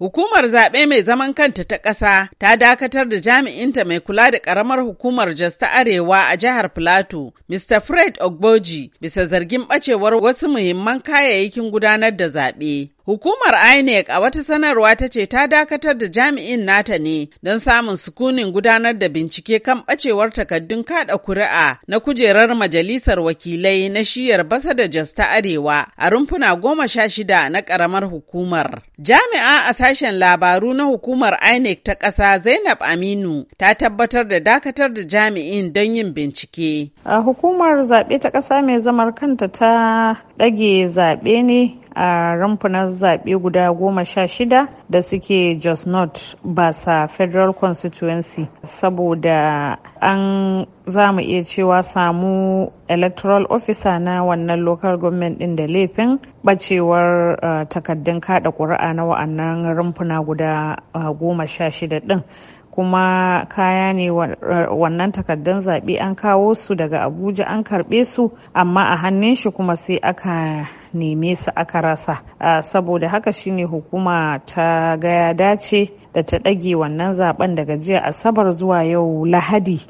Hukumar zaɓe mai zaman kanta ta ƙasa ta dakatar da jami'inta mai kula da ƙaramar hukumar Jos ta Arewa a jihar Filato, Mr. Fred Ogboji, bisa zargin ɓacewar wasu muhimman kayayyakin gudanar da zaɓe. Hukumar INEC a wata sanarwa ta ce ta dakatar da jami'in nata ne don samun sukunin gudanar da bincike kan ɓacewar takaddun kada kuri'a na kujerar majalisar wakilai na shiyar basa da jas ta arewa a rumfuna goma sha shida na karamar hukumar. Jami'a a sashen labaru na hukumar INEC ta ƙasa Zainab Aminu ta tabbatar da dakatar da jami'in don yin bincike. A hukumar zaɓe ta ƙasa mai zamar kanta ta ɗage zaɓe ne a rumfunan zaɓe guda goma sha shida da suke Jos North Basa Federal Constituency saboda an zamu iya cewa samu electoral officer na wannan local government ɗin da laifin ɓacewar uh, takaddun kada ƙuri'a na wa'annan rumfuna guda uh, goma sha shida din kuma kaya ne uh, wannan takaddun zaɓe an kawo su daga abuja an karɓe su amma a hannun shi kuma sai aka neme su aka rasa saboda haka shine hukuma ta ga ya dace da ta ɗage wannan zaben daga jiya asabar zuwa yau lahadi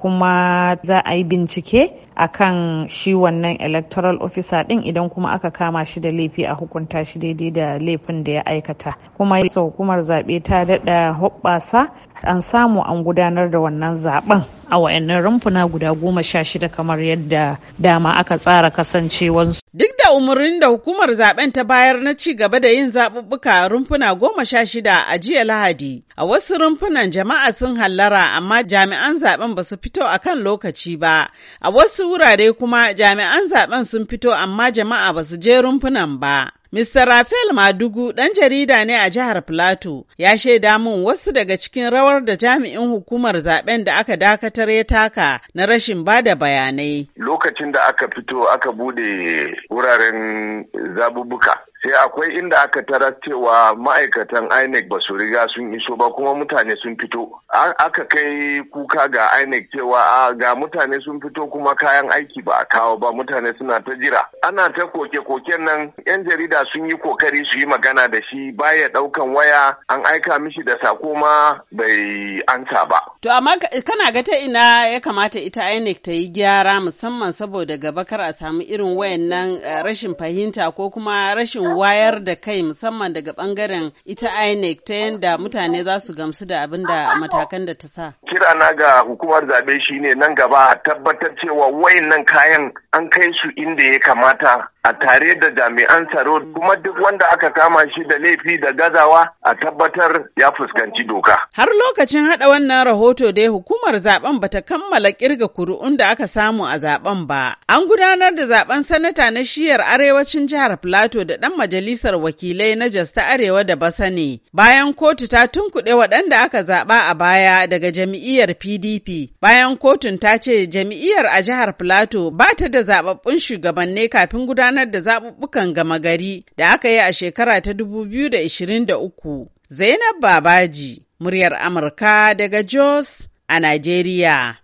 kuma za a yi bincike a kan shi wannan electoral officer din idan kuma aka kama shi da laifi a hukunta shi daidai da laifin da ya aikata kuma yasa hukumar zaɓe ta daɗa hoɓɓasa an samu an gudanar da wannan zaben a wayannan rumfuna guda goma sha shida kamar yadda dama aka tsara kasancewansu. Duk da umarnin da hukumar zaben ta bayar na ci gaba da yin zaɓuɓɓuka rumfuna goma sha shida a jiya Lahadi, a wasu rumfunan jama'a sun hallara amma jami'an zaben ba su fito a kan lokaci ba. A wasu wurare kuma jami'an zaben sun fito amma jama'a ba su je rumfunan ba. Mr. Rafael Madugu ɗan jarida ne a jihar Plateau ya shaida mun wasu daga cikin rawar da jami'in hukumar zaben da aka dakatar ya taka na rashin ba da bayanai. Lokacin da aka fito aka bude wuraren zabubuka sai eh, akwai inda aka tarar cewa ma'aikatan inec ba su riga sun iso ba kuma mutane sun fito aka kai kuka ga inec cewa ga mutane sun fito kuma kayan aiki ba a kawo ba mutane suna ta jira ana ta koke-koken nan yan jarida sun yi kokari su yi magana da shi baya daukan waya an aika mishi da sako ma bai ansa ba to amma kana ga ta ina ya kamata ita inec ta yi gyara musamman saboda gaba kar a samu irin wayannan eh, rashin fahimta ko kuma rashin wayar da kai musamman daga bangaren ita INEC ta yadda mutane za su gamsu da abin da matakan da ta sa. Kira na ga hukumar zaɓe shine nan gaba a tabbatar cewa wayannan kayan an kai su inda ya kamata a tare da jami'an tsaro kuma duk wanda aka kama shi da laifi da gazawa a tabbatar ya fuskanci doka. Har lokacin haɗa wannan rahoto dai hukumar zaben bata kammala kirga kuri'un da aka samu a zaben ba. An gudanar da zaben sanata na shiyar arewacin jihar Plateau da dan majalisar wakilai na Jos ta Arewa da ne bayan kotu ta tunkuɗe waɗanda aka zaɓa a baya daga jam'iyyar PDP. Bayan kotun ta ce jam'iyyar a jihar plato ba ta da zaɓaɓɓun shugabanni kafin gudanar da zaɓuɓɓukan gama gari da aka yi a shekara ta 2023. Zainab Babaji, muryar Amurka daga Jos a Najeriya.